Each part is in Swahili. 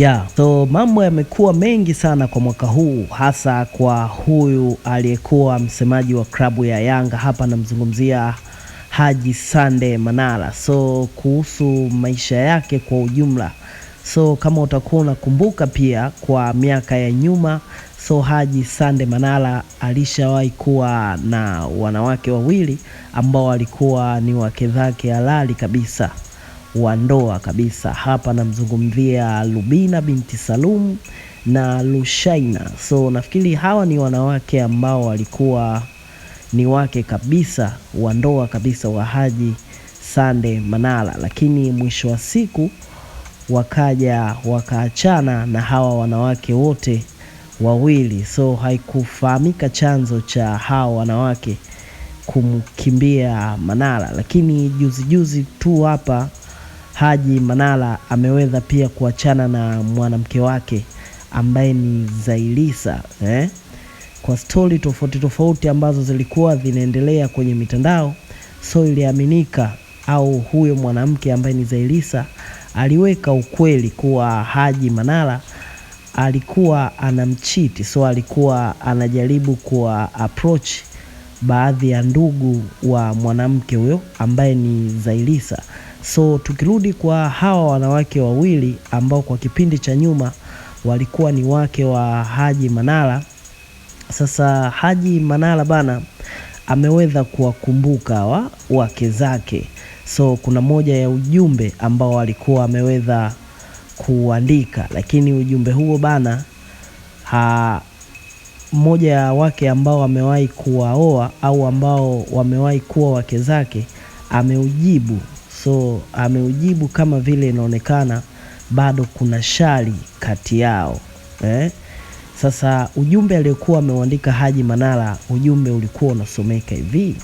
Yeah, so mambo yamekuwa mengi sana kwa mwaka huu, hasa kwa huyu aliyekuwa msemaji wa klabu ya Yanga hapa, namzungumzia Haji Sande Manara, so kuhusu maisha yake kwa ujumla. So kama utakuwa unakumbuka pia kwa miaka ya nyuma, so Haji Sande Manara alishawahi kuwa na wanawake wawili ambao walikuwa ni wake zake halali kabisa wa ndoa kabisa. Hapa namzungumzia Lubina binti Salum na Lushaina. So nafikiri hawa ni wanawake ambao walikuwa ni wake kabisa wa ndoa kabisa wa Haji Sande Manara, lakini mwisho wa siku wakaja wakaachana na hawa wanawake wote wawili. So haikufahamika chanzo cha hawa wanawake kumkimbia Manara, lakini juzijuzi tu hapa Haji Manara ameweza pia kuachana na mwanamke wake ambaye ni Zailisa eh? Kwa stori tofauti tofauti ambazo zilikuwa zinaendelea kwenye mitandao, so iliaminika au huyo mwanamke ambaye ni Zailisa aliweka ukweli kuwa Haji Manara alikuwa anamchiti, so alikuwa anajaribu kuwa approach baadhi ya ndugu wa mwanamke huyo ambaye ni Zailisa. So tukirudi kwa hawa wanawake wawili ambao kwa kipindi cha nyuma walikuwa ni wake wa Haji Manara. Sasa Haji Manara bana ameweza kuwakumbuka wa wake zake, so kuna moja ya ujumbe ambao alikuwa ameweza kuandika, lakini ujumbe huo bana ha, moja ya wake ambao wamewahi kuwaoa au ambao wamewahi kuwa wake zake ameujibu So ameujibu kama vile inaonekana bado kuna shari kati yao eh? Sasa ujumbe aliyokuwa ameuandika Haji Manara, ujumbe ulikuwa unasomeka hivi: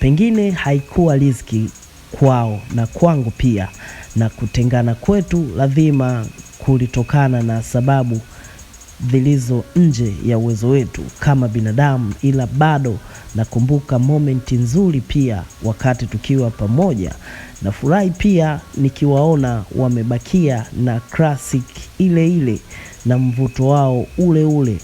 pengine haikuwa riziki kwao na kwangu pia, na kutengana kwetu lazima kulitokana na sababu zilizo nje ya uwezo wetu kama binadamu, ila bado nakumbuka momenti nzuri pia wakati tukiwa pamoja. Nafurahi pia nikiwaona wamebakia na classic ile ile na mvuto wao ule ule.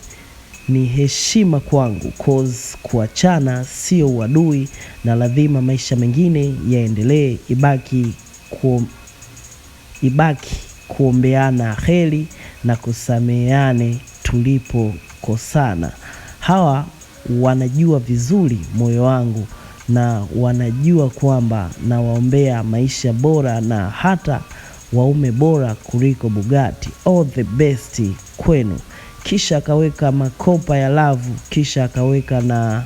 Ni heshima kwangu cause kuachana sio uadui, na lazima maisha mengine yaendelee, ibaki kuom, ibaki kuombeana heri na kusameheane tulipokosana. Hawa wanajua vizuri moyo wangu na wanajua kwamba nawaombea maisha bora na hata waume bora kuliko Bugatti. All the best kwenu. Kisha akaweka makopa ya lavu, kisha akaweka na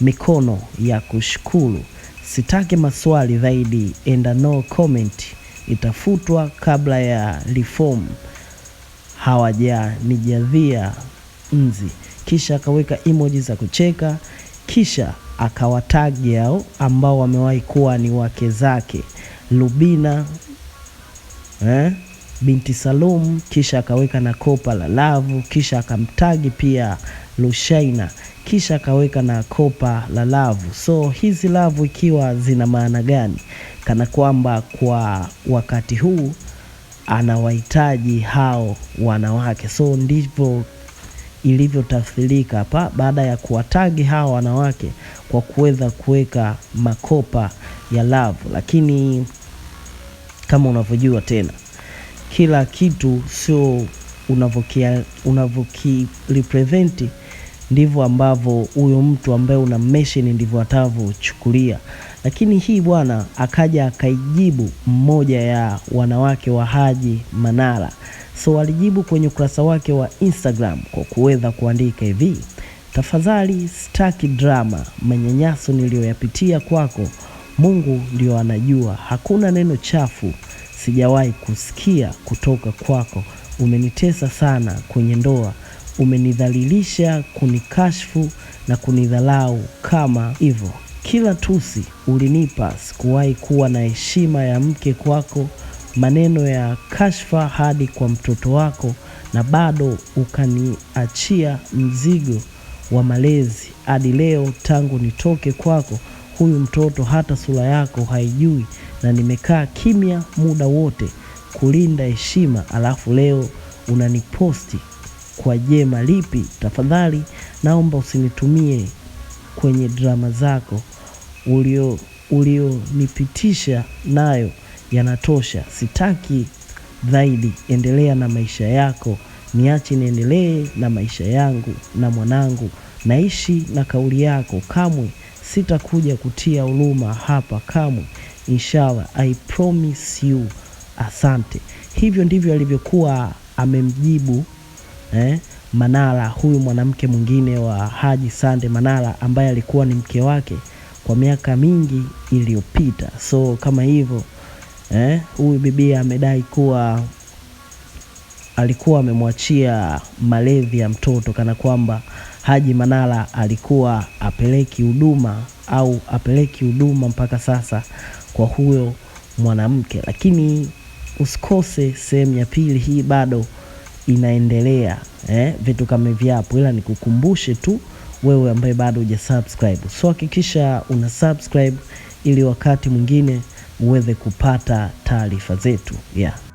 mikono ya kushukuru. Sitaki maswali zaidi, enda no comment, itafutwa kabla ya reform hawajanijadhia nzi, kisha akaweka emoji za kucheka, kisha akawatagi hao ambao wamewahi kuwa ni wake zake Lubina eh, binti Salum, kisha akaweka na kopa la lavu, kisha akamtagi pia Lushaina, kisha akaweka na kopa la lavu. So hizi lavu ikiwa zina maana gani? Kana kwamba kwa wakati huu anawahitaji hao wanawake. So ndivyo ilivyotafsirika hapa, baada ya kuwatagi hao wanawake kwa kuweza kuweka makopa ya love. Lakini kama unavyojua tena, kila kitu sio unavyokirepresenti ndivyo ambavyo huyo mtu ambaye una mention ndivyo atavyochukulia. Lakini hii bwana akaja akaijibu mmoja ya wanawake wa Haji Manara. So alijibu kwenye ukurasa wake wa Instagram kwa kuweza kuandika hivi: tafadhali sitaki drama, manyanyaso niliyoyapitia kwako Mungu ndio anajua. Hakuna neno chafu sijawahi kusikia kutoka kwako. Umenitesa sana kwenye ndoa, umenidhalilisha, kunikashfu na kunidhalau kama hivyo kila tusi ulinipa, sikuwahi kuwa na heshima ya mke kwako, maneno ya kashfa hadi kwa mtoto wako, na bado ukaniachia mzigo wa malezi hadi leo. Tangu nitoke kwako, huyu mtoto hata sura yako haijui, na nimekaa kimya muda wote kulinda heshima, alafu leo unaniposti kwa jema lipi? Tafadhali naomba usinitumie kwenye drama zako ulio ulionipitisha nayo yanatosha, sitaki zaidi. Endelea na maisha yako, niache niendelee na maisha yangu na mwanangu. Naishi na kauli yako, kamwe sitakuja kutia huruma hapa kamwe. Inshallah, I promise you. Asante. Hivyo ndivyo alivyokuwa amemjibu eh, Manara, huyu mwanamke mwingine wa Haji Sande Manara ambaye alikuwa ni mke wake kwa miaka mingi iliyopita. So kama hivyo eh, huyu bibi amedai kuwa alikuwa amemwachia malezi ya mtoto kana kwamba Haji Manara alikuwa apeleki huduma au apeleki huduma mpaka sasa kwa huyo mwanamke. Lakini usikose sehemu ya pili, hii bado inaendelea eh, vitu kama vyapo, ila nikukumbushe tu wewe ambaye bado hujasubscribe. So hakikisha una subscribe ili wakati mwingine uweze kupata taarifa zetu yeah.